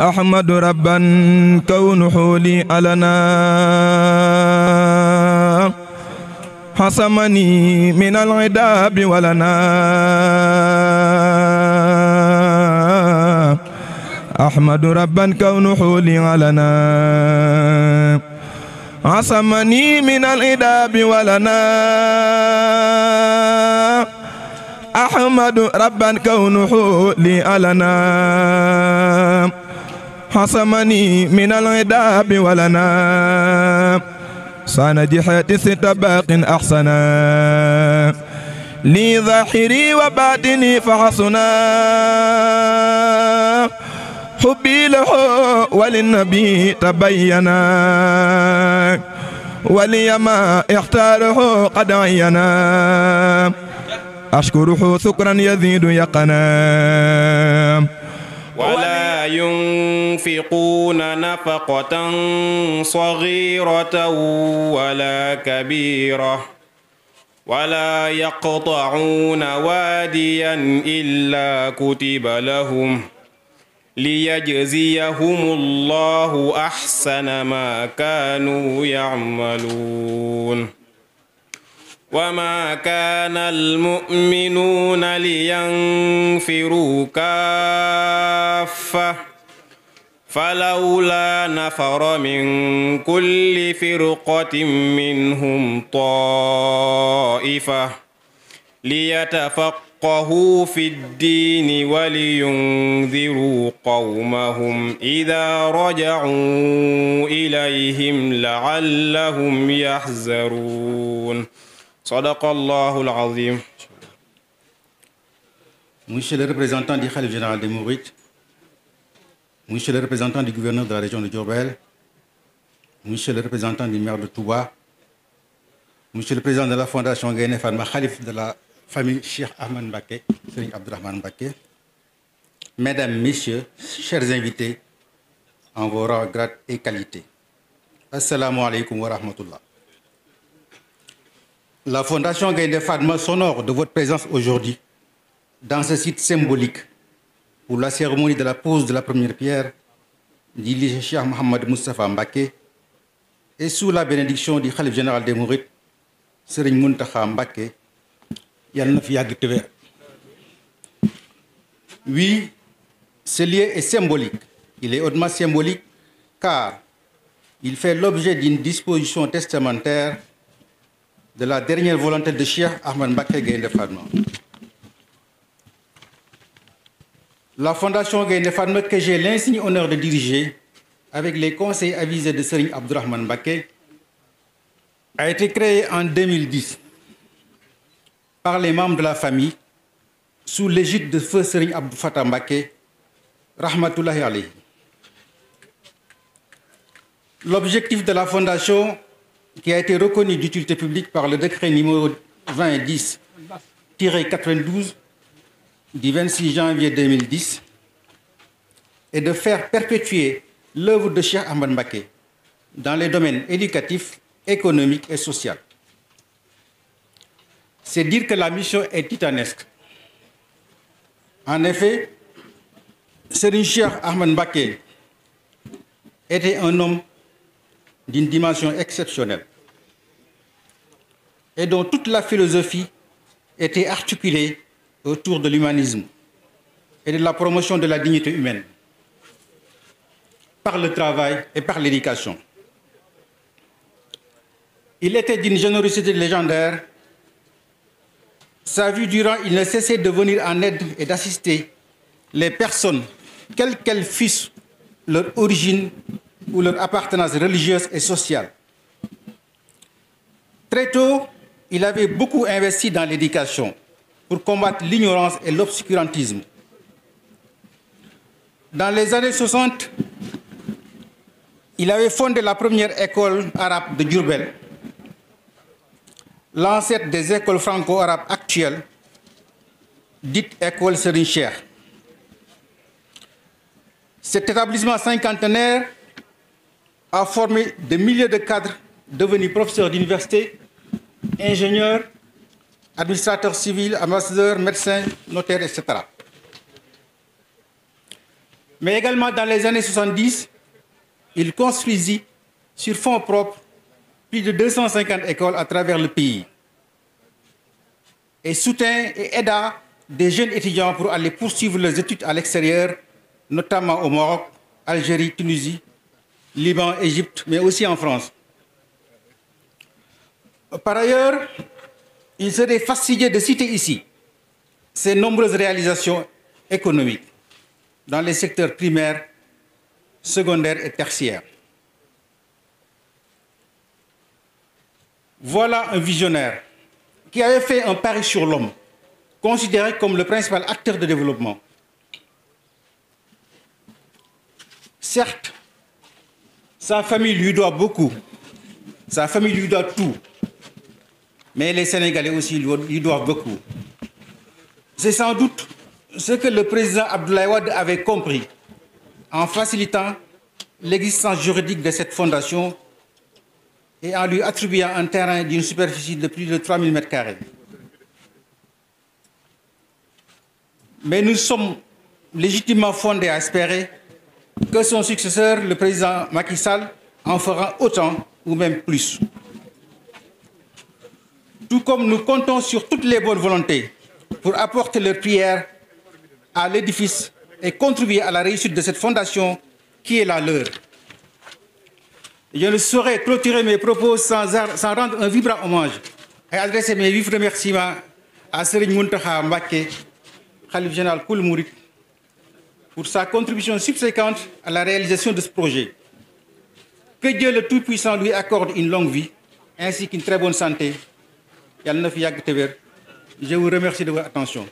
أحمد ربا كون حولي ألنا حصمني من العذاب ولنا أحمد ربا كون حولي ألنا عصمني من العذاب ولنا أحمد ربا كون حولي ألنا حصمني من العذاب ولنا صان جحات ست باق أحسنا لي ظاهري وباطني فحصنا حبي له وللنبي تبينا ولي ما اختاره قد عينا أشكره شكرا يزيد يقنا ولا ينفقون نفقة صغيرة ولا كبيرة ولا يقطعون واديا إلا كتب لهم ليجزيهم الله أحسن ما كانوا يعملون وما كان المؤمنون لينفروا كافة فلولا نفر من كل فرقة منهم طائفة ليتفقهوا في الدين ولينذروا قومهم إذا رجعوا إليهم لعلهم يحذرون Monsieur le représentant du Khalif général de Mourit, Monsieur le représentant du gouverneur de la région de Djourbel, Monsieur le représentant du maire de Touba, Monsieur le président de la Fondation GNF al Khalif de la famille Cheikh Ahmed Mbake, Abdurrahman Mesdames, Messieurs, chers invités, en vos rangs, grades et qualités. Assalamu alaikum wa rahmatullah. La Fondation Gaïde Fadma s'honore de votre présence aujourd'hui dans ce site symbolique pour la cérémonie de la pose de la première pierre du Cheikh Mohamed Moustapha Mbake et sous la bénédiction du Khalif général des Mourites Serigne Muntaha Mbake, Oui, ce lieu est symbolique. Il est hautement symbolique car il fait l'objet d'une disposition testamentaire de la dernière volonté de Cheikh Ahmed Mbaké Fadma. La fondation Fadma, que j'ai l'insigne honneur de diriger avec les conseils avisés de Serigne Abdurrahman Mbaké a été créée en 2010 par les membres de la famille sous l'égide de feu Serigne Abdou Fatah Mbaké Rahmatullahi alayhi. L'objectif de la fondation qui a été reconnue d'utilité publique par le décret numéro 2010-92 du 26 janvier 2010 et de faire perpétuer l'œuvre de Cheikh Ahmed Mbake dans les domaines éducatifs, économiques et sociaux. C'est dire que la mission est titanesque. En effet, Serigne Cheikh Ahmed Mbake était un homme d'une dimension exceptionnelle et dont toute la philosophie était articulée autour de l'humanisme et de la promotion de la dignité humaine par le travail et par l'éducation. Il était d'une générosité légendaire. Sa vie durant, il ne cessait de venir en aide et d'assister les personnes, quelles qu'elles fussent leur origine, ou leur appartenance religieuse et sociale. Très tôt, il avait beaucoup investi dans l'éducation pour combattre l'ignorance et l'obscurantisme. Dans les années 60, il avait fondé la première école arabe de Durbel, l'ancêtre des écoles franco-arabes actuelles, dite école Serin Cet établissement cinquantenaire a formé des milliers de cadres devenus professeurs d'université, ingénieurs, administrateurs civils, ambassadeurs, médecins, notaires, etc. Mais également dans les années 70, il construisit sur fonds propres plus de 250 écoles à travers le pays et soutint et aida des jeunes étudiants pour aller poursuivre leurs études à l'extérieur, notamment au Maroc, Algérie, Tunisie, Liban, Égypte, mais aussi en France. Par ailleurs, il serait facile de citer ici ses nombreuses réalisations économiques dans les secteurs primaires, secondaires et tertiaires. Voilà un visionnaire qui avait fait un pari sur l'homme, considéré comme le principal acteur de développement. Certes, sa famille lui doit beaucoup. Sa famille lui doit tout. Mais les Sénégalais aussi lui doivent beaucoup. C'est sans doute ce que le président Abdoulaye Wade avait compris en facilitant l'existence juridique de cette fondation et en lui attribuant un terrain d'une superficie de plus de 3000 m2. Mais nous sommes légitimement fondés à espérer que son successeur, le président Macky Sall, en fera autant ou même plus. Tout comme nous comptons sur toutes les bonnes volontés pour apporter leur prière à l'édifice et contribuer à la réussite de cette fondation qui est la leur. Je ne saurais clôturer mes propos sans, rendre un vibrant hommage et adresser mes vifs remerciements à Serigne Mountaha Mbake, Khalif Général Koul pour sa contribution subséquente à la réalisation de ce projet. Que Dieu le Tout-Puissant lui accorde une longue vie ainsi qu'une très bonne santé. Je vous remercie de votre attention.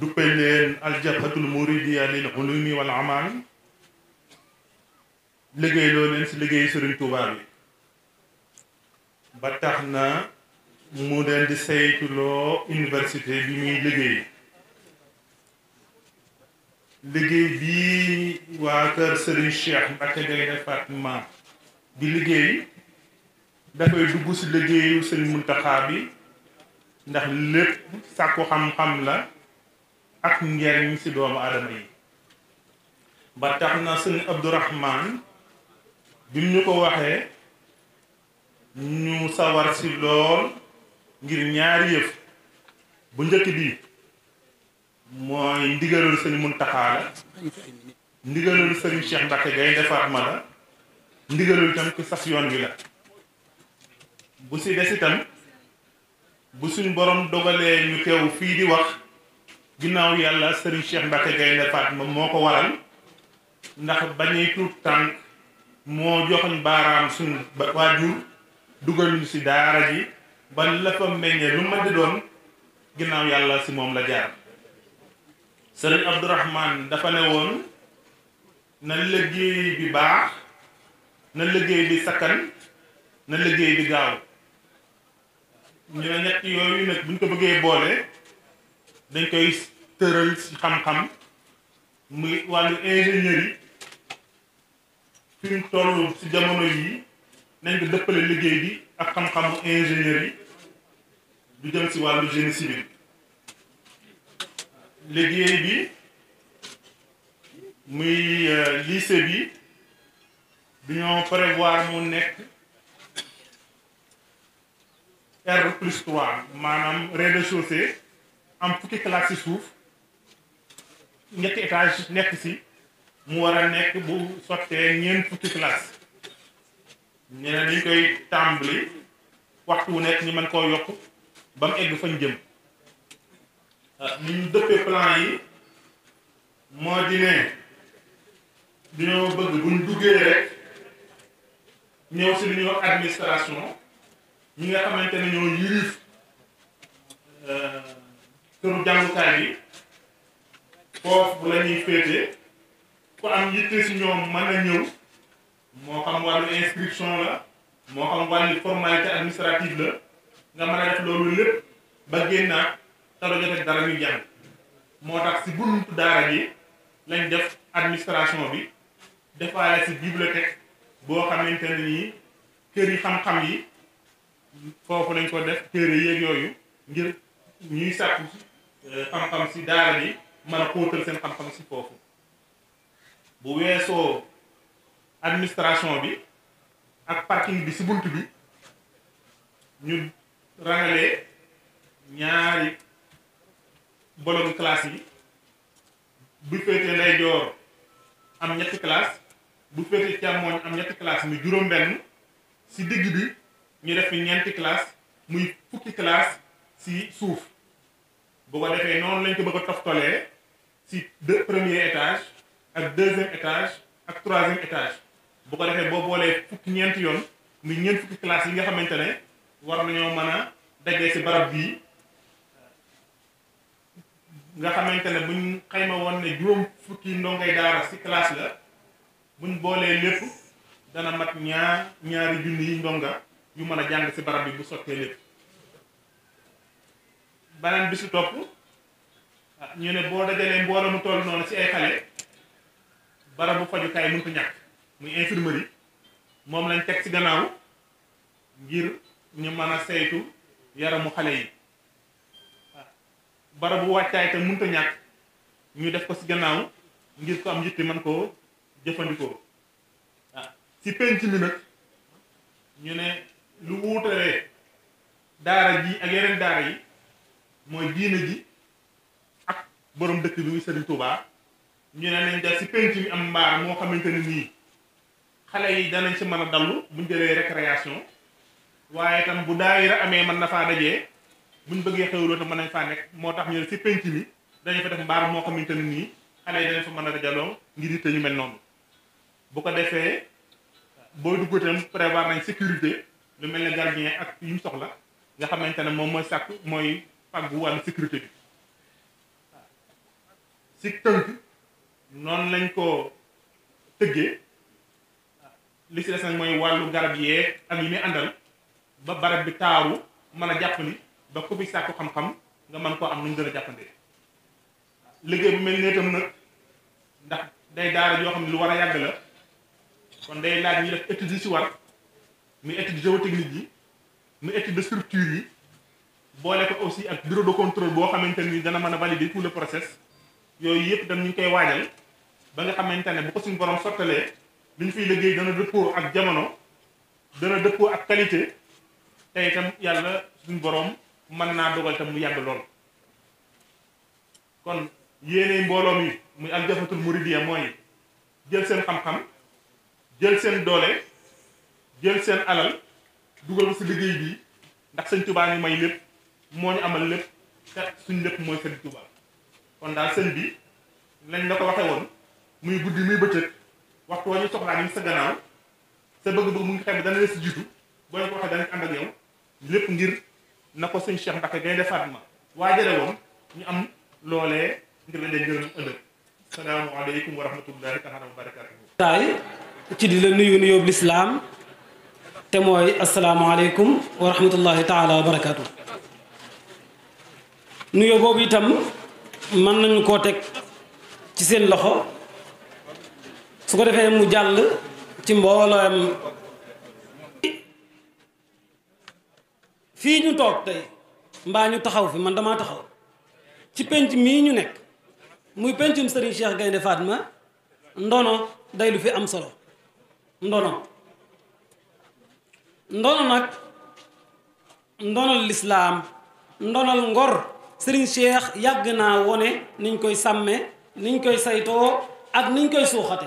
duppee leen aljabhatul muridiya lil ulumi wal liggéey loo leen si liggéey Sëriñ Tuubaa bi ba tax na mu leen di saytuloo université bi ñuy liggéey liggéey bii waa kër Serigne Cheikh Mbacke Gaïndé Fatma bi liggéey dafay dugg si liggéeyu Serigne Mountakha bi ndax lépp sàkku xam-xam la ak njariñ ci doomu adama yi ba tax na sëñ Abdourahman bi ñu ko waxee ñu sawar si lool ngir ñaari yëf bu njëkk bi mooy ndigalul sëñ Muntaxa la ndigalul sëñ Cheikh Mbacke Gaynde Fatma la ndigalul tam ki sax yoon wi la bu si des itam bu suñ borom dogalee ñu teew fii di wax ginnaaw yàlla Serigne Cheikh Mbacke Gaynde Fatma moo ko waral ndax bañuy tuut tànk moo joxoñ baaraam suñu waajur dugal ci si daara ji ba la fa meññee lu ma di doon ginnaaw yàlla si moom la jaar Serigne Abdourahman dafa ne woon na liggéey bi baax na liggéey bi sakkan na liggéey bi gaaw ñu ne ñett yooyu nag buñ ko bëggee boole dañ koy tëral si xam-xam muy wàllu ingénieur yi fi mu toll jamono yi nañ ko dëppale liggéey bi ak xam-xamu ingénieur yi du jëm si wàllu génie civil liggéey bi muy euh, lycée bi dañoo prévoir mu nekk R plus 3 maanaam rez-de-chaussée am fukki classe si suuf ñetti étage nekk si mu war a nekk bu sottee ñeent fukki classe nee na dañ koy tàmbali waxtu wu nekk ñu mën koo yokk ba egg fañ jëm ah, ni ñu dëppee plan yi moo di ne dañoo bëgg buñ duggee rek ñëw si li ñuy wax administration ñi nga xamante ne ñoo yilif ah, këru jàngukaay yi foofu la ñuy féete ku am yitte si ñoom mën a ñëw moo xam wàllu inscription la moo xam wàllu formalité administrative la nga mën a def loolu lépp ba génnaat te doo jot dara ñu jàng moo tax si buntu daara ji lañ def administration bi defaale si bibliothèque boo xamante ne nii kër yi xam-xam yi foofu lañ ko def téere yéeg yooyu ngir ñuy sàkku euh, xam-xam si daara ji mën a xóotal seen xam-xam si foofu bu weesoo administration bi ak parking bi si bunt bi ñu rangalee ñaari bolom classe yi bu féetee nday joor am ñetti classe bu féetee càmmooñ am ñetti classe muy juróom-benn si digg bi ñu def fi ñeenti classe muy fukki classe si suuf boo ko defee noonu lañ ko bëgg a toftalee ci de premier étage ak deuxième étage ak troisième étage bu ko defee boo boolee fukki ñeenti yoon muy ñeent fukki classe yi nga xamante ne war ñoo mën a dajee si barab bii nga xamante ne buñ xayma woon ne juróom fukki ndongay daara si classe la buñ boolee lépp dana mat ñaar ñaari junni yi ndonga yu mën a jàng si barab bi bu sottee lépp beneen bi si topp ñu ne boo dajalee mbooloo mu toll noonu ci ay xale barabu fajukaay mënut a ñàkk muy infirmerie moom lañ teg ci gannaaw ngir ñu mën a saytu yaramu xale yi barabu wàccaay te mënut ñàkk ñu def ko ci gannaaw ngir ko am yitti mën koo jëfandikoo ci penc mi ñu ne lu wuutalee daara ji ak yeneen daara yi mooy diina ji borom dëkk bi muy Serigne Touba ñu ne nañ dal ci penc bi am mbaar moo xamanteni ni nii xale yi danañ si mën a dallu buñ jëlee récréation waaye tam bu daayira amee mën na faa dajee buñ bëggee xewloo te mën nañ faa nekk moo tax ñu ne si penc mi dañu fa def mbaar moo xamanteni ni nii xale yi danañ fa mën a dajaloo ngir yitte ñu mel noonu bu ko defee booy dugg tam prévoir nañ sécurité lu mel ne gardien ak yu soxla nga xamante ne moom mooy sàkk mooy fàggu wàllu sécurité bi ci tënk noonu lañ ko tëggee li ci des nag mooy wàllu garab yee ak yi muy àndal ba barab bi taaru mën a jàppandi ba ku fi sàkku xam-xam nga mën koo am nu ñu gën a jàppandee liggéey bu mel ne tam nag ndax day daara yoo xam ne lu war a yàgg la kon day laaj ñuy def étude yi ci war muy étude géotechnique yi muy étude de structure yi boole ko aussi ak bureau de contrôle boo xamante ni dana mën a valider tout le process yooyu yëpp tam ñu ngi koy waajal ba nga xamante ne bu ko suñu borom sottalee li ñu fiy liggéey dana dëppoo ak jamono dana dëppoo ak qualité te itam yàlla suñu borom mën naa dogal tam mu yàgg lool. kon yéene mbooloo mi muy al jafatul muridiya ne jël seen xam-xam jël seen doole jël seen alal dugal ko si liggéey bi ndax sëñ Tuubaa ñu may lépp moo ñu amal lépp te suñ lépp mooy sëñ Tuubaa kon daal sëñ bi lañ la ko waxee woon muy guddi muy bëccëg waxtu waa ñu soxlaa sa gannaaw sa bëgg-bëgg mu ngi xam ne dana si jiitu boo leen ko waxee danañ ànd ak yow lépp ngir na ko sëñ Cheikh Mbacke Gaynde Fatma waajale woon ñu am loolee ngir la dee ngërëm ëllëg salaamaaleykum wa rahmatullahi taala wa barakaatuhu ci di la nuyu nuyoob lislaam te mooy boobu itam mën nañu koo teg ci seen loxo su ko defee mu jàll ci mbooloom fii ñu toog tey mbaa ñu taxaw fi man damaa taxaw ci penc mii ñu nekk muy pencum Serigne Cheikh Gaynde Fatma ndono day lu fi am solo ndono ndono nag ndonal lislaam ndonal ngor Serigne Cheikh yàgg naa wone niñ koy sàmmee niñ koy saytoo ak niñ koy suuxate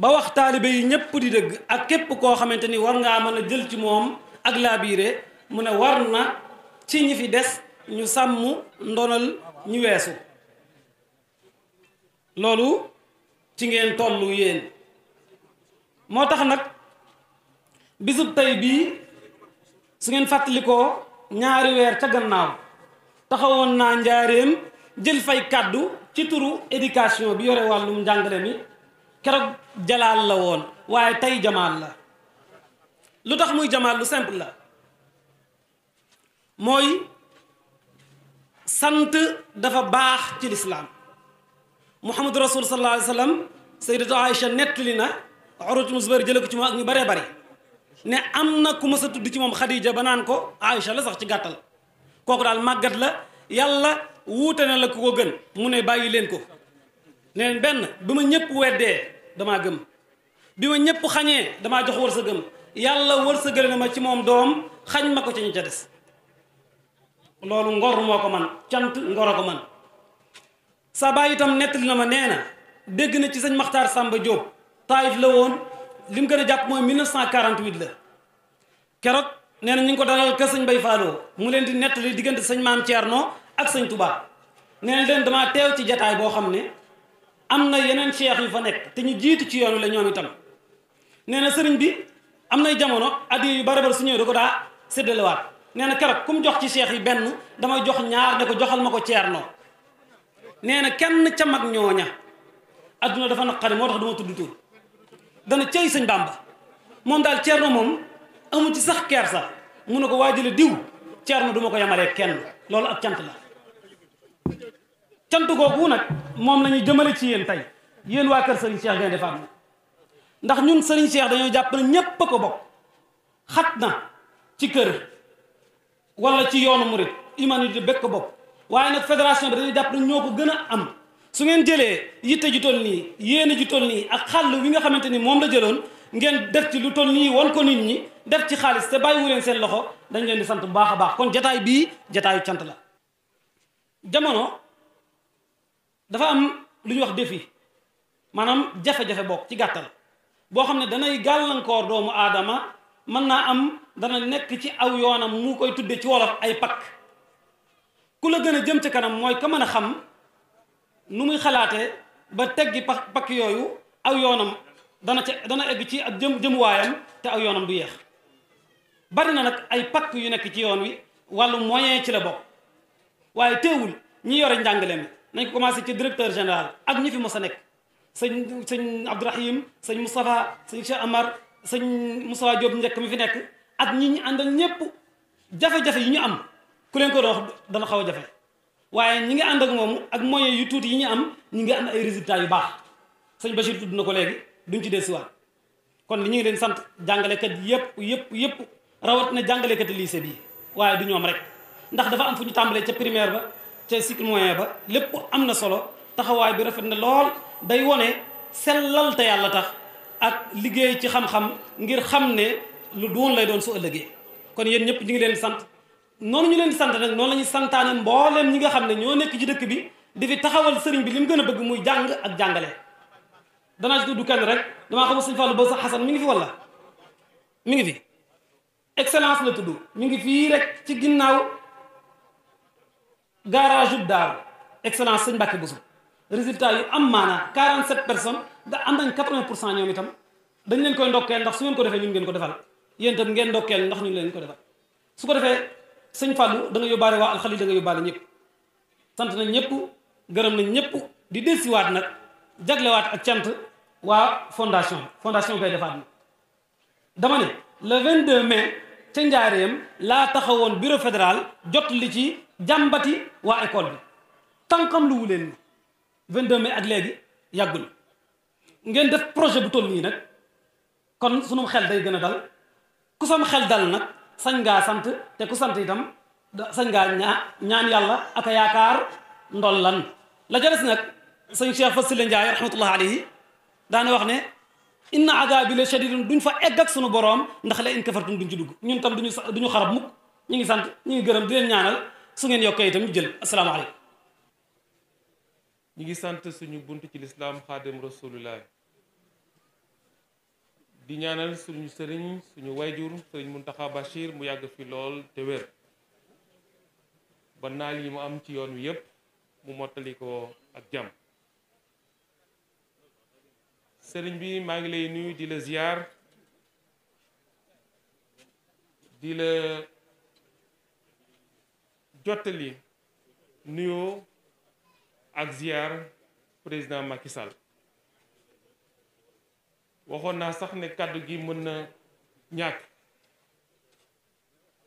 ba wax taalibe yi ñëpp di dëgg ak képp koo xamante ni war ngaa mën a jël ci moom ak laabiire mu ne war na ci ñi fi des ñu sàmm ndonal ñu weesu loolu ci ngeen tollu yéen moo tax nag bisub tey bii su ngeen fàttalikoo ñaari weer ca gannaaw taxawoon naa njaareem jël fay kàddu ci turu éducation bi yore wàllum njàngale mi keroog jalaal la woon waaye tey jamaal la lu tax muy jamaal lu simple la mooy sant dafa baax ci lislaam mu rasul sallallahu alayhi wa sallam sayyidatu Aïcha nettali na Urwatu bnu Zubayr jële ko ci moom ak ñu baree bari ne am na ku ma sa tudd ci moom Xadija ba naan ko Aïcha la sax ci gàttal kooku daal màggat la yàlla wuute na la ku ko gën mu ne bàyyi leen ko neen benn bi ma ñëpp weddee damaa gëm bi ma ñëpp xañee damaa jox wër sa gëm yàlla wër sa gële na ma ci moom doom xañ ma ko ci ñu ca des loolu ngor moo ko man cant ngor a ko man sa baay itam nettali na ma nee na dégg na ci sañ maxtar Samba Diop taayif la woon li mu gën a jàpp mooy 1948 la keroog nee na ñu ngi ko dalal kër sëñ Bay Fallou mu leen di nettali diggante sëñ maam noo ak sañ Touba nee leen damaa teew ci jataay boo xam ne am na yeneen cheikh yu fa nekk te ñu jiitu ci yoon wi la ñoom itam nee na sëriñ bi am nay jamono addiya yu bari bari su ñëwee da ko daa séddalewaat nee na keroog ku jox ci cheikh yi benn damay jox ñaar ne ko joxal ma ko Thierno nee na kenn ca mag ñooña adduna dafa naqari moo tax du tudd tur dana cey sëñ Bamba moom daal Thierno moom. amu ci sax kersa mun ne ko waajale diw ceerno du ma ko yamalee kenn loolu ak cant la cant googu nag moom la ñuy ci yéen tey yéen waa kër Serigne Cheikh Gaïndé Fatma ndax ñun Serigne Cheikh dañoo jàpp ne ko bokk xat na ci kër wala ci yoonu murit humanité bekk ko bokk waaye nag fédération bi dañuy jàpp ñoo ko gën a am su ngeen jëlee yitte ju toll nii yéene ju toll nii ak xàll wi nga xamante ni moom la jëloon ngeen def ci lu toll nii wan ko nit ñi def ci xaalis te bàyyiwu leen seen loxo dañu leen di sant bu baax a baax kon jataay bii jataayu cant la jamono dafa am lu ñuy wax défi maanaam jafe-jafe bokk ci gàttal boo xam ne danay gàllankoor doomu aadama mën naa am dana nekk ci aw yoonam mu koy tuddee ci wolof ay pakk ku la gën a jëm ci kanam mooy ka mën a xam nu muy xalaatee ba teggi pakk yooyu aw yoonam dana ca dana egg ci ak jëm jëmuwaayam te aw yoonam du yéex bari na nag ay pakk yu nekk ci yoon wi wàllu moyen ci la bokk waaye teewul ñi yore njàngale mi nañ ko commencé ci directeur général ak ñi fi mos a nekk sëñ sëñ Abdourahim sëñ Moustapha sëñ Cheikh Amar sëñ Moustapha Diop njëkk mi fi nekk ak ñi ñu àndal ñëpp jafe-jafe ñu am ku leen ko dana xaw a jafe waaye ñi ngi ànd ak moom ak moyens yu tuuti yi ñu am ñu ngi am ay résultats yu baax sëñ Bachir tudd na ko léegi duñ ci si dellusiwaat kon li ñu ngi leen sant jàngalekat yëpp yëpp yëpp rawat na jàngalekati lycée bi waaye du ñoom rek ndax dafa am fu ñu tàmbalee ca primaire ba ca cycle moyen ba lépp am na solo taxawaay bi rafet na lool day wone sellal te yàlla tax ak liggéey ci xam-xam ngir xam ne lu doon lay doon su ëllëgee kon yéen ñëpp ñu ngi leen sant noonu ñu leen sant nag noonu la ñuy santaane mbooleem ñi nga xam ne ñoo nekk ci dëkk bi di fi taxawal sëriñ bi li mu gën a bëgg muy jàng ak jàngale danaa ci tudd kenn rek damaa xam sëñ Fallou ba sax mi ngi fi ngi fi excellence la tudd mi ngi fii rek ci ginnaaw garage yu daaru excellence sëñ Mbàkke Bousso résultat yu am maanaa 47 personnes da am nañ 80 pour cent ñoom itam dañ leen koy ndokkeel ndax su ngeen ko defee ñun ngeen ko defal yéen itam ngeen ndokkeel ndax ñu leen ko defal su ko defee sëñ Fallou da nga yóbbaale waa alxali da nga yóbbaale ñëpp sant nañ ñëpp gërëm nañ ñëpp di delsiwaat nag jaglewaat ak cant waa fondation fondation koy defaat ca laa taxawoon bureau fédéral jot li ci jàmbati waa école bi tànkam lu wu leen ni 22 mai ak léegi yàggul ngeen def projet bu toll nii nag kon sunum xel day gën a dal ku sam xel dal nag sañ ngaa sant te ku sant itam sañ ngaa ñaa ñaan yàlla ak yaakaar ndollan la ca des nag sëñ Cheikh Fassile Ndiaye rahmatullah alayhi daana wax ne ان عذابي لشديد دون فا اغك سونو بوروم نخلا ان كفرتم دون جدوغ نين تام دون دون خرب موك نيغي سانت نيغي گرم دين نيانال سوغين يوكاي تام جيل السلام عليكم نيغي سانت سونو بونت تي الاسلام خادم رسول الله دي نيانال سونو سيرين سونو وايجور سيرين منتخا بشير مو ياغ في لول تي وير بنال يم ام تي يون ييب مو موتاليكو اك جام sëriñ bi maa ngi lay nuyu di la ziar di la jottali nuyoo ak ziar président makisal waxoon naa sax ne kàddu gi mën na ñàkk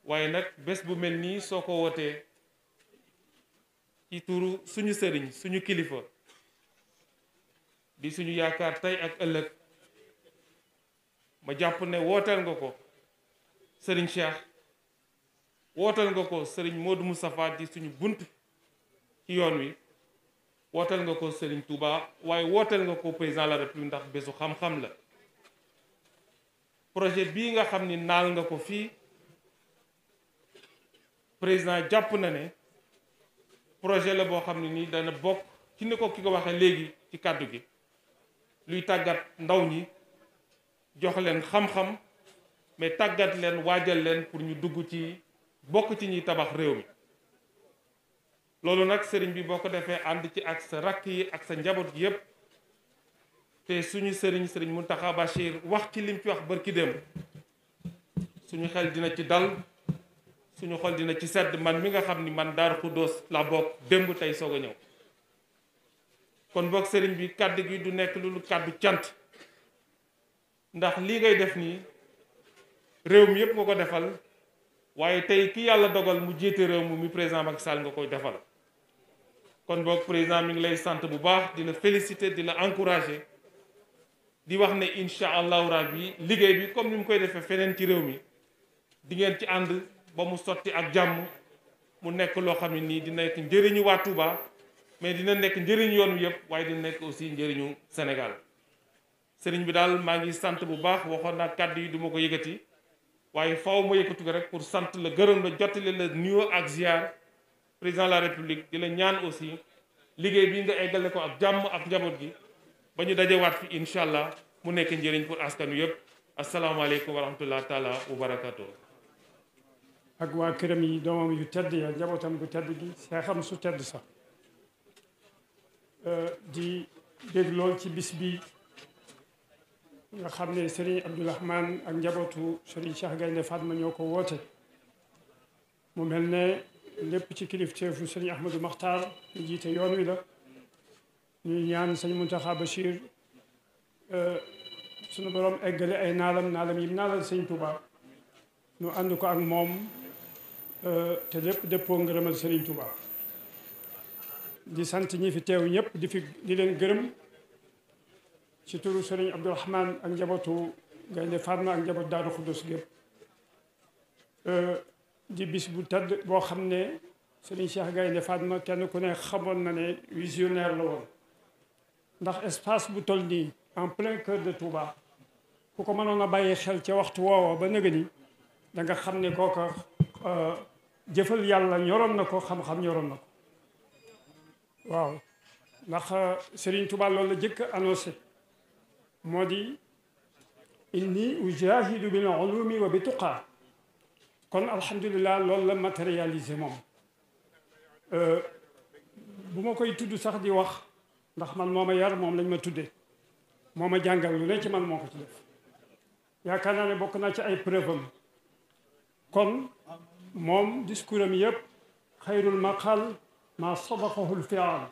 waaye nag bés bu mel nii soo ko wootee ci turu suñu sëriñ suñu kilifa di suñu yaakaar tey ak ëllëg ma jàpp ne wooteel nga ko sëriñ Cheikh wooteel nga ko sëriñ Modou Moustapha di suñu bunt ci yoon wi wooteel nga ko sëriñ Touba waaye wooteel nga ko président de la république ndax bésu xam-xam la projet bii nga xam ni naal nga ko fii président jàpp na ne projet la boo xam ne nii dana bokk ci ni ko ki ko waxee léegi ci kàddu gi luy tàggat ndaw ñi jox leen xam-xam mais tàggat leen waajal leen pour ñu dugg ci bokk ci ñuy tabax réew mi loolu nag sëriñ bi boo ko defee ànd ci ak sa rakk yi ak sa njaboot gi yépp te suñu sëriñ sëriñ Mountakha Bachir wax ci lim ci wax bërki démb suñu xel dina ci dal suñu xol dina ci sedd man mi nga xam ni man Daaru Xuddoos la bokk démb tey soog a ñëw kon boog sëriñ bi kàddu gi du nekk lu kàddu cant ndax lii ngay def nii réew mi yëpp nga ko defal waaye tey ki yàlla dogal mu jiite réew mi mu président Macky Sall nga koy defal kon boog président mi ngi lay sant bu baax dina la dina di di wax ne incha allahu rabbi liggéey bi comme ni mu koy defee feneen ci réew mi di ngeen ci ànd ba mu sotti ak jàmm mu nekk loo xam ne nii dina nekk njëriñu waa Touba. mais dina nekk njëriñ yoon wi yëpp waaye dina nekk aussi njëriñu Sénégal sëriñ bi daal maa ngi sant bu baax waxoon naa kàddu yi duma ko yëkkati waaye faaw ma yëkkatu ko rek pour sant la gërëm la jottali la nuyoo ak ziar président la république di la ñaan aussi liggéey bi nga eggale ko ab jàmm ak njaboot gi ba ñu dajewaat fi incha allah mu nekk njëriñ pour askan wi yëpp asalaamaaleykum wa rahmatullah taala wa barakaatu. ak waa këram yi doomam yu tedd di dégg lool ci bis bi nga xam ne Serigne Abdourahmane ak njabootu Serigne Cheikh Gaynde Fatma ñoo ko woote mu mel ne lépp ci kilifteefu Serigne Ahmadou Makhtar ñu jiite yoon wi la ñuy ñaan Serigne Mountakha Bachir sunu borom eggale ay naalam naalam yim naalal Serigne Touba ñu ànd ko ak moom te lépp dëppoo ngërëmal Serigne Touba di sant ñi fi teew ñëpp di fi di leen gërëm ci turu sëriñ Abdourahman ak njabootu Gaynde Fatma ak njabootu Daaru Xuddus gépp euh, di bis bu tedd boo xam ne sëriñ Cheikh Gaynde Fatma kenn ku ne xamoon na ne visionnaire la woon ndax espace bu toll nii en plein cœur de Touba ku ko mënoon a bàyyi xel ca waxtu woowa ba nëga ni da nga xam ne kooka euh, jëfal yàlla ñoroon na ko xam-xam ñoroon na ko waaw ndax Serigne Touba loolu la jëkk annoncé moo di inni ujahidu bil ulumi wa bi tuqa kon alhamdulilah loolu la matérialisé moom bu ma koy tudd sax di wax ndax man moo ma yar moom lañ ma tuddee moo ma jàngal lu ne ci man moo ko ci def yaakaar naa ne bokk naa ci ay preuve am kon moom discours am yëpp xayrul maqal maa sabaqahu lfial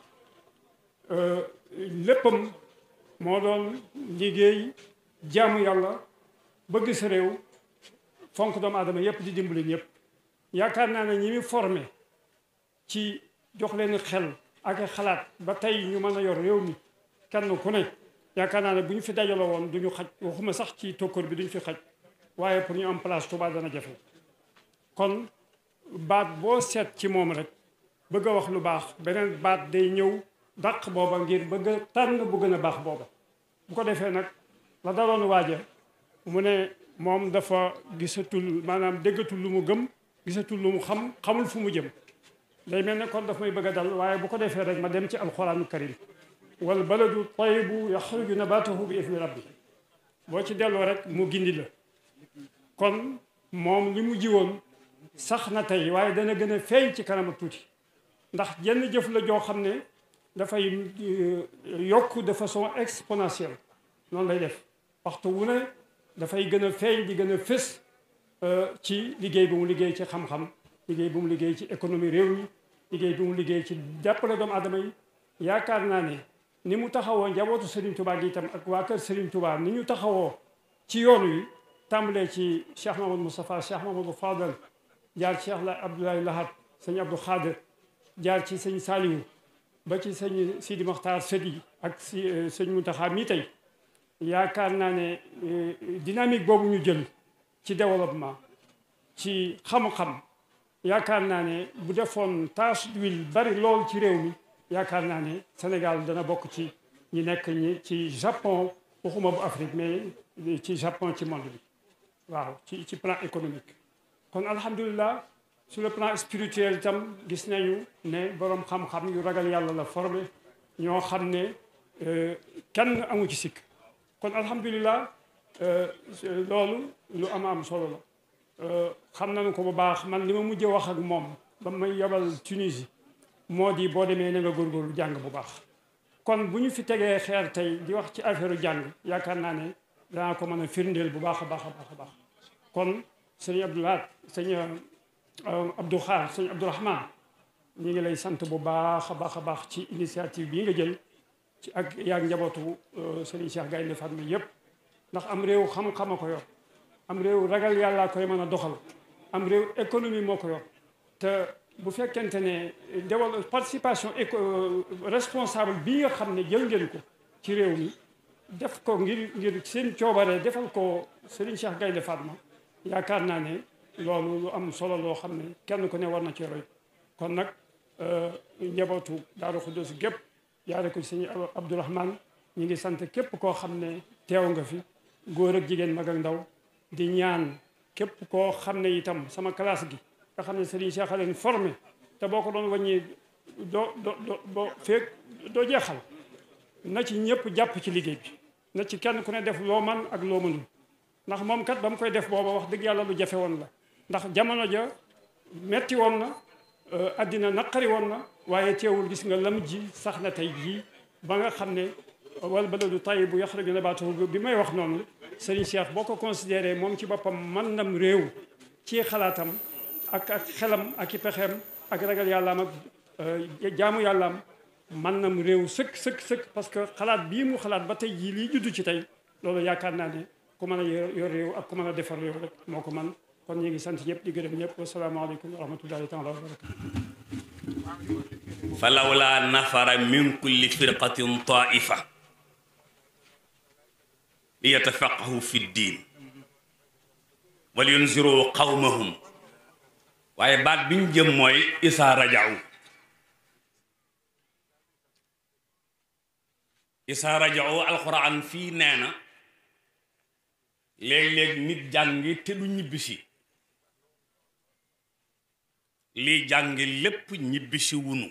léppam moo doon liggéey jaamu yàlla bëgg sa réew fonk doomu aadama yépp di dimbali yépp yaakaar naa ne ñi mu formé ci jox leen xel ak xalaat ba tey ñu mën a yor réew mi kenn ku ne yaakaar naa ne bu ñu fi dajalewoon woon duñu xaj waxuma sax ci tokkoor bi duñu fi xaj waaye pour ñu am place Tuuba dana jafe kon baat boo seet ci moom rek bëgg a wax lu baax beneen baat day ñëw dàq booba ngir bëgg a tànn bu gën a baax booba bu ko defee nag la daloon waaja mu ne moom dafa gisatul maanaam déggatul lu mu gëm gisatul lu mu xam xamul fu mu jëm day mel ne kon daf may bëgg a dal waaye bu ko defee rek ma dem ci alxuraanu karim wal baladu tayibu yaxruju nabatahu bi izni rabbi boo ci delloo rek mu gindi la kon moom li mu jiwoon sax na tey waaye dana gën a feeñ ci kanam tuuti ndax jenn jëf la joo xam ne dafay euh, yokk de façon exponentielle noonu lay def waxtu wu ne dafay gën a feeñ di gën a fës euh, ci liggéey bi mu liggéey ci xam-xam liggéey bi mu liggéey ci économie réew mi liggéey liggéey ci jàppale doomu adama yi yaakaar naa ne ni mu taxawoo njabootu Serigne Touba gi tam ak waa kër Serigne Touba ni ñu taxawoo ci yoon yi tàmbalee ci Cheikh Mamadou Moustapha Cheikh Mamadou Fadal jaar Cheikh Abdoulaye Lahad sëñ Abdou Khader jaar ci sëñ Saliou ba ci sëñ Sidi Mokhtar sët ak si euh, sëñ Mountakha mii tey yaakaar naa ne euh, dynamique boobu ñu jël ci développement ci xamu xam yaakaar naa ne bu defoon tâche d'huile bari lool ci réew mi yaakaar naa ne Sénégal dana bokk ci ñi nekk ñi ci Japon waxuma bu Afrique mais euh, ci Japon ci monde bi waaw ci ci plan économique kon alhamdulilah sur le plan spirituel itam gis nañu ne borom xam-xam yu ragal yàlla la formé ñoo xam ne e, kenn amu ci sikk kon alhamdulilah e, e, loolu lu am am solo la xam nañu ko bu baax man li ma mujj wax ak moom ba may yabal Tunisie moo di boo demee na nga góorgóorlu jàng bu baax kon bu ñu fi tegee xeer tey di wax ci affaire jàng yaakaar naa ne danaa ko mën a firndeel bu baax a baax a baax a baax kon sëñ Abdoulaye sëñ Euh, Abdou Xaar sëñ Abdourahman ñu ngi lay sant bu baax a baax a baax ci initiative bii nga jël ci ak yaag njabootu euh, Serigne Cheikh Gaynde Fatma yëpp ndax am réew xam-xama ko yor am réew ragal yàllaa koy mën a doxal am réew économie moo ko yor te bu fekkente ne développement participation éco euh, responsable bii nga xam ne jël ngeen ko ci réew mi def ko ngir ngir seen coobare defal ko Serigne Cheikh Gaynde Fatma yaakaar naa ne loolu lu am solo loo xam ne kenn ku ne war na cee roy kon nag njabootu Daaru Xudoos gépp yaare ko sëñ Abdourahman ñi ngi sant képp koo xam ne teew nga fi góor ak jigéen mag ak ndaw di ñaan képp koo xam ne itam sama classe gi nga xam ne Serigne Cheikh a leen formé te boo ko doon wàññi doo doo doo boo feeg doo jeexal na ci ñëpp jàpp ci liggéey bi na ci kenn ku ne def loo man ak loo mënul ndax moom kat ba mu koy def booba wax dëgg yàlla lu jafe woon la ndax jamono ja metti woon na addina euh, naqari woon na waaye teewul gis nga lam ji sax na tey jii ba nga xam ne wal baladu tayyibu yaxruju nabaatuhu bi may wax noonu Serigne Cheikh boo ko consideree moom ci boppam man nam réew ci xalaatam ak xelam ak i pexeem ak ragal yàllaam ak euh, jaamu yàllaam man nam réew sëkk sëkk sëkk parce que xalaat bii mu xalaat ba tey jii lii juddu ci tey loolu yaakaar naa ne ku mën a yor réew ak ku mën a defar réew rek moo ko man kon ñi ngi sant ñëpp di gërëm ñëpp wasalaamu alaykum wa rahmatullahi taala wa barakatuh فلولا نفر من كل فرقة طائفة ليتفقهوا في الدين ولينذروا قومهم واي بعد بن جيم موي اسا رجعوا اسا رجعوا القران في نانا ليك ليك نيت جانغي تدو نيبسي li jàng lépp ñibbisi wunu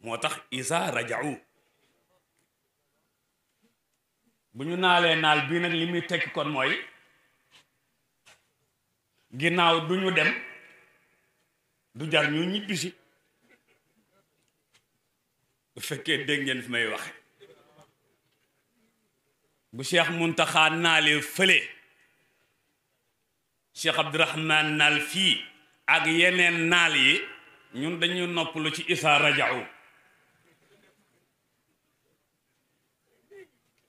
moo tax isa rajau bu ñu naalee naal bii nag li muy tekki kon mooy ginnaaw du ñu dem du jar ñu ñibbisi bu fekkee dégg fi may waxe bu Cheikh Muntaxa naalee fële Cheikh Abdurahman naal fii ak yeneen naal yi ñun dañu noppalu ci isaa rajau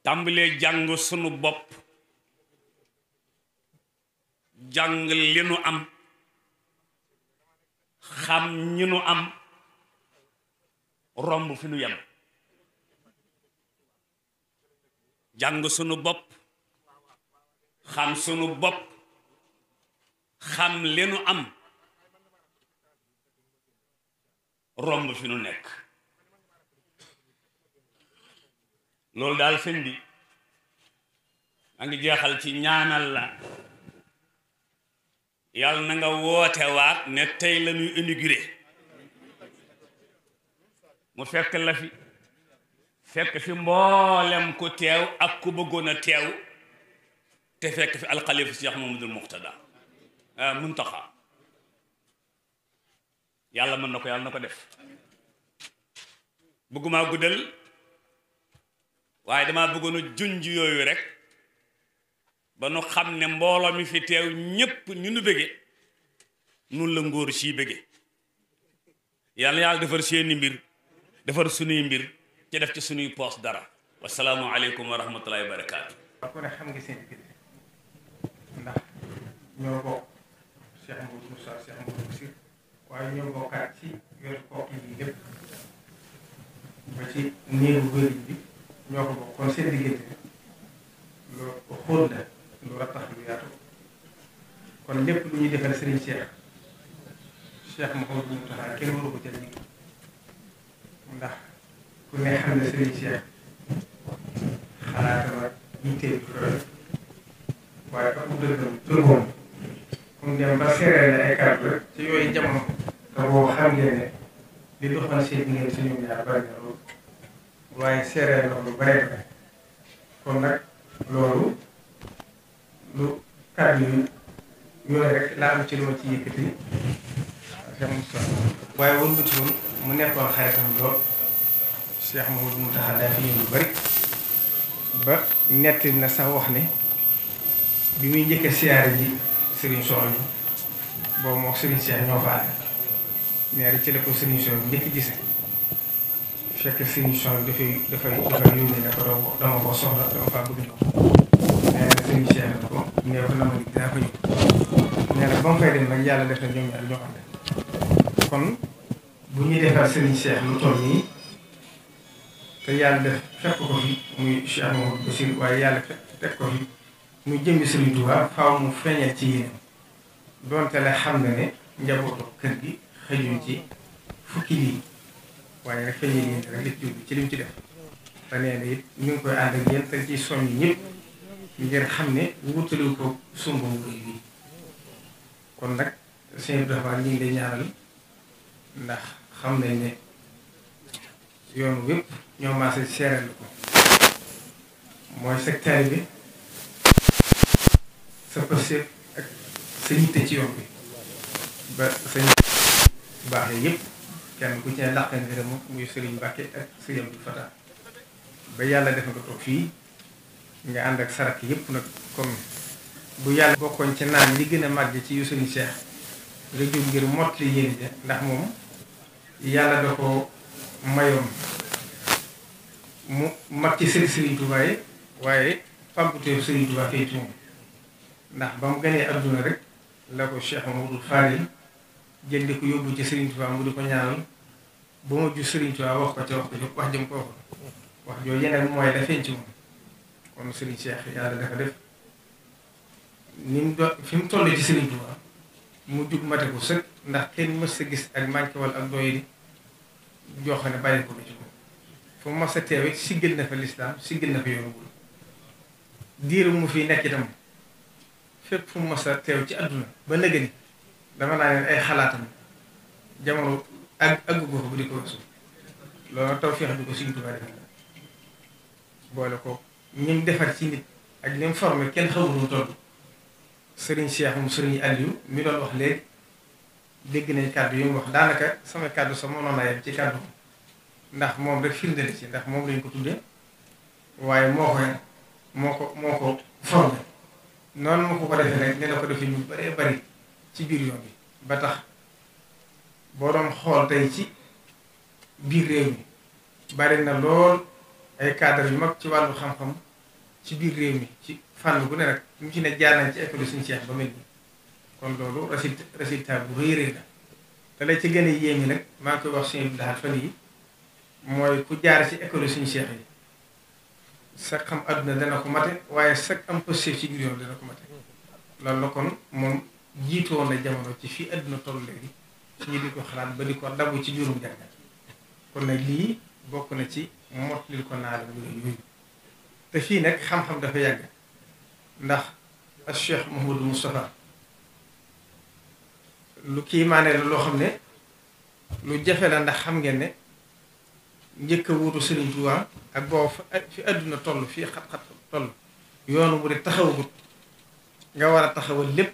tàmbalee jàng sunu bopp jàng li nu am xam ñi nu am romb fi nu yem jàng sunu bopp xam sunu bopp xam li nu am romb fi nu nekk loolu daal sëñ bi a ngi jeexal ci ñaanal la yàlla na nga woote waat ne tey la ñuy inauguré mu fekk la fi fekk fi mboolem ku teew ak ku bëggoon a teew te fekk fi alxalifa Cheikh Mamadul Muqtada Muntaxa yàlla mën na ko yàlla na ko def bëggumaa guddal waaye damaa bëggoon a junj yooyu rek ba nu xam ne mbooloo mi fi teew ñépp ñu nu bëgge nun la ngóor sii bëgge yàlla yàlla defar seeni mbir defar sunuy mbir ci def ci sunuy poos dara wasalaamu alekum wa rahmatullahi wa barakaatu ko ne xam nga seen waaye ñoo bokkaat ci yor kooku yi lépp ba ci néegu gëriñ bi ñoo ko bokkoon seen diggante lu xóot la lu war a tax lu kon lépp lu ñuy defal Serigne Cheikh Cheikh Mouhamadou Mountakha kenn waru ko jël ndax ku ne xam ne Serigne Cheikh xalaatama yittee bi waaye ak mu dëgg tërboom mu dem ba seeree na ay kàddu rek ci yooyu jamono te boobu xam ngeen ne li doxoon seen ngeen ci ñoom ñaar bari na loolu waaye seeree na lu bare bare kon nag loolu lu kàddu yi yooyu rek laa am ci lu ma ci yëkkati waaye woon bëti woon mu nekkoon xaritam lool Cheikh Mouhamadou Mountakha daa fi yëngu bari ba nettali na sax wax ne bi muy njëkk siyaare ji Serigne Souhaïbou boobu moo Serigne Cheikh ñoo faale ñaari ci la ko Serigne Souhaïbou njëkk gise fekk Serigne Souhaïbou dafay dafay dafay yónni ne ko doo ko dama ko soxla dama faa bëgg ñëw nee na Serigne Cheikh ne ko néew dana ma dinaa ko ñëw nee na ba mu fay dem nag yàlla def na ñoom ñaar ñoo xam ne kon bu ñuy defal Serigne Cheikh lu toll nii te yàlla def fekk ko fi muy Cheikh Mamadou Bassir mu jëmmi Serigne Touba faaw mu feeñal ci yéen donte la xam na ne njabootu kër gi xëjuñ ci fukki lii waaye nag feeñal yéen rek ci ci ci def te nee na it ñu ngi koy ànd ak yéen te ci soññ ñëpp ngir xam ne wutaliw ko sumb bi kon nag sëñ Abdou Rahmane ñu ngi lay ñaanal ndax xam nañ ne yoon wépp ñoo maase seeral ko mooy secteur bi. sa pëstéef ak sa yitte ci yoon bi ba sañ baax yëpp kenn ku ci ne làqee ngërëm muy Sëriñ Mbàkke ak Sëriñ Abdou Fatah ba yàlla def nga toog fii nga ànd ak sarak yëpp nag comme bu yàlla bokkoon ci naan li gën a màgg ci yu Sëriñ Cheikh nga jóg ngir mottali yéen ja ndax moom yàlla da ko mayoon mu mag ci sëriñ Sëriñ Tuubaa waaye pàmputeefu Sëriñ Tuubaa fay ci moom ndax ba mu gënee adduna rek la ko Cheikh Mamadou Fadil jël di ko yóbbu ci Serigne Touba mu di ko ñaanal ba ma ju Serigne Touba wax ko ca wax ko ca wax jëm ko wax wax jooju mooy la feeñ moom kon Serigne Cheikh yàlla dafa def ni do fi mu toll ci Serigne Touba mu jug mate ko sëkk ndax kenn mës sa gis ak manqué wala ak doyadi joo xam ne bàyyi ko ci moom fu mu mës a teewee siggal na fa lislaam siggal na fa yoonu bul diir mu fi nekk itam. fépp fu mu teew ci àdduna ba léegi ni dama naa leen ay xalaatam jamono ak aggu ko bu di ko weesu loolu tawfeex bi ko Sëriñ Tuubaa ko defar ci ak ni mu formé kenn xamul mu toll Serigne Cheikh mu Serigne Aliou mi doon wax léegi dégg nañ kàddu yi mu wax daanaka sama kàddu sa mënoon naa yem ci kàddu ndax moom rek firndeel ci ndax moom lañ ko tuddee waaye moo ko moo ko moo noonu ma ko ko defee nag ne ko defee ñu bëree bëri ci biir yoon bi ba tax boo doon xool tey ci biir réew mi bari na lool ay cadre yu mag ci wàllu xam-xam ci biir réew mi ci fànn bu ne rek mu ci ne jaar nañ ci école suñu seex ba mel nii kon loolu résultat résultat bu rëy rëy la te la ci gën a yéeme nag maa ngi koy wax suñu daal fan yi mooy ku jaar ci école suñu seex yi سكم أدنى لنا كمتي واي سكم كسيف شجريون لنا كمتي لالكون مم جيتو أنا جمعنا تشي أدنى طول لي شيء ديكو خلاص بدي كوردا بوشي جورم جانا كنا لي بكونا تشي مرت لي كنا على بوليوي تشي نك خم خم دفيا جا نخ الشيخ محمود مصطفى لو ما نلو خم نه لو جفلا نخ خم جنه njëkk a wuutu Serigne Touba ak boo fi àdduna toll fii xat-xat toll yoonu mu di taxawagut nga war a taxawal lépp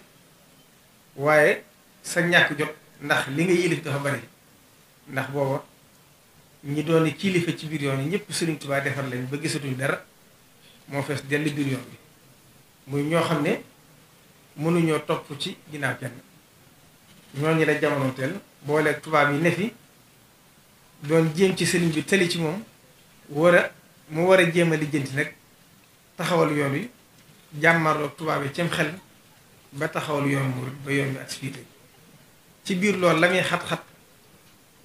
waaye sa ñàkk jot ndax li nga yilif dafa bari ndax booba ñi doon kilifa ci biir yoon yi ñëpp Serigne Touba defar lañ ba gisatuñu dara moo fees dell biir yoon bi muy ñoo xam ne mënuñoo topp ci ginnaaw kenn ñooñu la jamonoonteel boole tubaab yi ne fi doon jéem ci sëriñ bi tëli ci moom war a mu war a jéem a lijjanti nag taxawal yoon wi jàmmarloog tubaab yi cim xel ba taxawal yoon mu ba yoon bi ak ci biir lool la muy xat-xat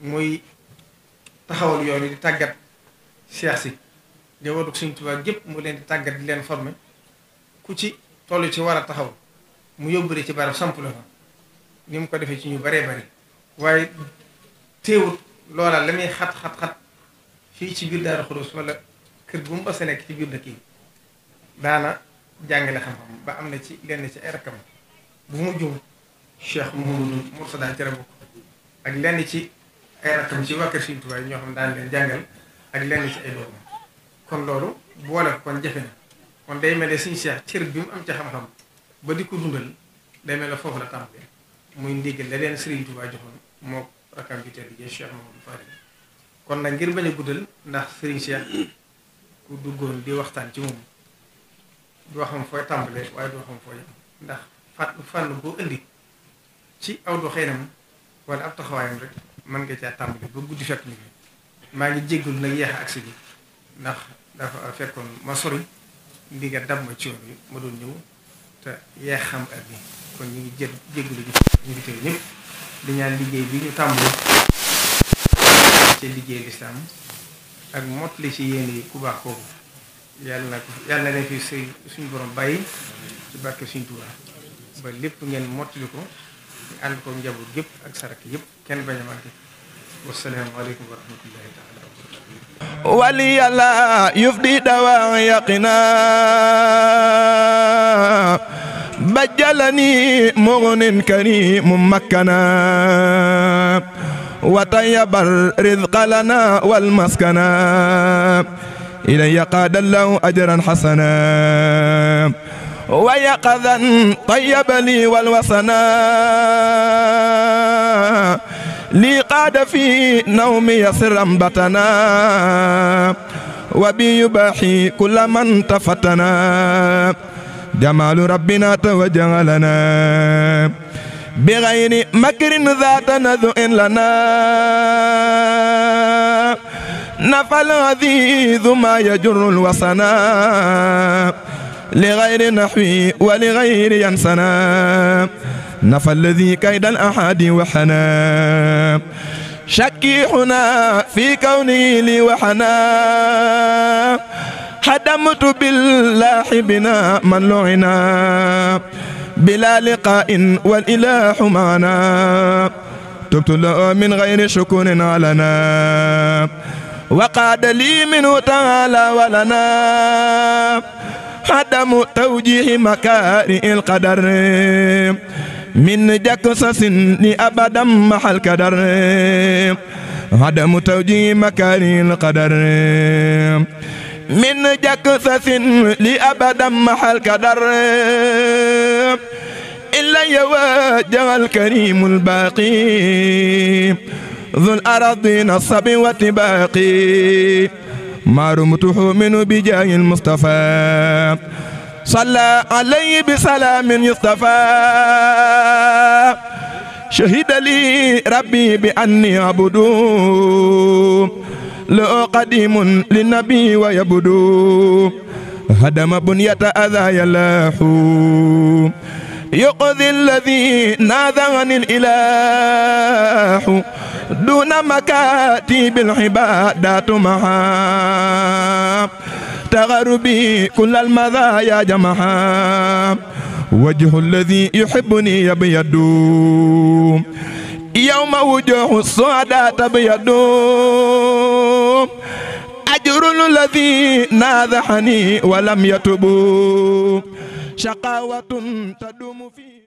muy taxawal yoon wi di tàggat seex si jawatu suñ tubaab gépp mu leen di tàggat di leen forme ku ci toll ci war a taxaw mu rek ci barab samp la ni mu ko defee ci ñu baree bari waaye teewut loola la muy xat xat xat fii ci biir Daaru Xudoos wala kër bu mu sa nekk ci biir dëkk yi daana jàngale xam-xam ba am na ci lenn ci ay rakkam bu mu jum Cheikh mu Mourtada ci bokk ak lenn ci ay rakkam ci waa ñoo xam daan leen jàngal ak lenn ci ay doom kon loolu boole kon jafe na kon day mel ne suñu Cheikh cër bi mu am ci xam-xam ba di ko dundal day mel ne foofu la tàmbalee muy ndigal la leen Sëriñ Tuubaa joxoon moo rakam ju tedd ji Cheikh Mamadou Fari kon nag ngir bañ a guddal ndax Serigne Cheikh ku duggoon di waxtaan ci moom doo xam fooy tàmbale waaye doo xam fooy ndax fànn fànn boo indi ci aw doxinam wala ab taxawaayam rek man nga caa tàmbale ba guddi fekk ni maa ngi jéggul nag yeex agsi bi ndax dafa fekkoon ma sori ndi nga dab ma ci yoon bi ma doon ñëw te yeex xam ak bi kon ñu ngi jé jéggulu ñu invité ñëpp di ñaan liggéey bi ñu tàmbali ci liggéey lislaam ak mottali ci yéen yi ku baax kooku yàlla na ko yàlla na fi sëy suñu borom bàyyi ci barke suñu Tuuba ba lépp ngeen mottali ko ñu ànd ko njabur gépp ak sarak yépp kenn bañ a manqué wassalaamu wa rahmatullahi taala wali لا يفدي دواء يقنا بجلني مغن كريم مكنا وطيب الرزق لنا والمسكنا إلي قاد الله أجرا حسنا ويقظا طيب لي والوسنا لي قاد في نومي سرا بتنا وبي يباحي كل من تفتنا جمال ربنا توجعلنا بغير مكر ذات نذء لنا نفى العزيز ما يجر الوصنا لغير نحوي ولغير ينسنا نفى الذي كيد الأحد وحنا شكيحنا في كونه لي وحنا هدمت بالله بنا من لعنا بلا لقاء والإله معنا تبت له من غير شكر علنا وقعد لي منه تعالى ولنا عدم توجيه مكاره القدر من جكسس لأبدا محى الكدر عدم توجيه مكاره القدر من جكثث لأبدا محل كدر إلا يواجه الكريم الباقي ذو الأرض نصب وتباقي ما رمته من بجاه المصطفى صلى عليه بسلام يصطفى شهد لي ربي بأني عبدوه لو قديم للنبي ويبدو هدم بنية أذى يلاح يقضي الذي نادى عن الإله دون مكاتب العبادات معها تغربي كل المذايا جمعا وجه الذي يحبني يبيدو يوم وجوه السعداء تبيض أجر الذي ناذحني ولم يتبوا شقاوة تدوم في